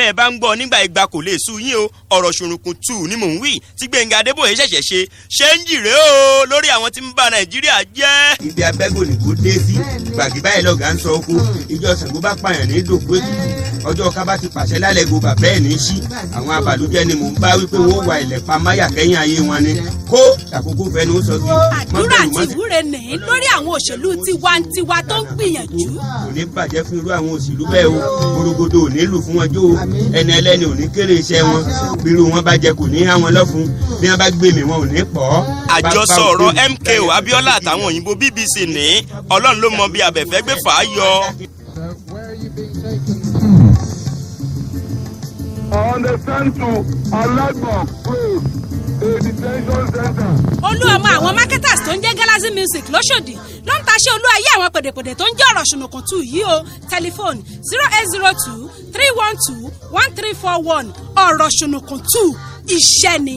bẹ́ẹ̀ bá ń gbọ́ nígbà ìgbà kò lè sú yín o ọ̀rọ̀ ṣòrunkùn tù ní mò ń wí tí Gbẹ̀ngà Adébóyè ṣẹ̀ṣẹ̀ ṣe ṣé ń jìrè o lórí àwọn tí ń ba Nàìjíríà jẹ́. ibi abẹ́gò ni kò dé sí gbàgì báyìí lọ́gà ń sọ oko ìjọ Ṣàngó bá pààyàn ní dòkú ètùtù ọjọ́ ká bá ti pàṣẹ lálẹ́ gòbà bẹ́ẹ̀ ní sí àwọn abàlújẹ́ ni mò ń bá wípé wọ́n wà ilẹ̀ pamáyà kẹ́yìn ayé wọn ni kó àkókò fẹnu sọ bí. àdúrà àti ìwúre nì lórí àwọn òṣèlú tiwantiwa tó ń gbìyànjú. kò ní bàjẹ́ fún irú àwọn òṣèlú bẹ́ẹ̀ o gbòrògbòdò ò ní lù fún wọn o ẹni ẹlẹ́ni ò ní kéré iṣẹ́ wọn bírú wọn bá jẹ kò ní há wọn lọ́fun bí wọn bá gbèmí wọn ò ní pọ̀. àjọsọ ọ̀rọ̀ MKO Abiola àtàwọn òyìnbó BBC ní ọlọ́run ló mọ bí abẹ́fẹ́ gbé fà á yọ. On the stand Alagbon olúwa ọmọ àwọn marketers tó ń jẹ́ galaxy music lọ́sọ̀dì ló ń taṣẹ́ olú ayé àwọn pèdèpèdè tó ń jẹ́ ọ̀rọ̀ ṣùnùkùn tù yìí o tẹlifóònù zero eight zero two three one two one three four one ọ̀rọ̀ ṣùnùkùn tù iṣẹ́ ni.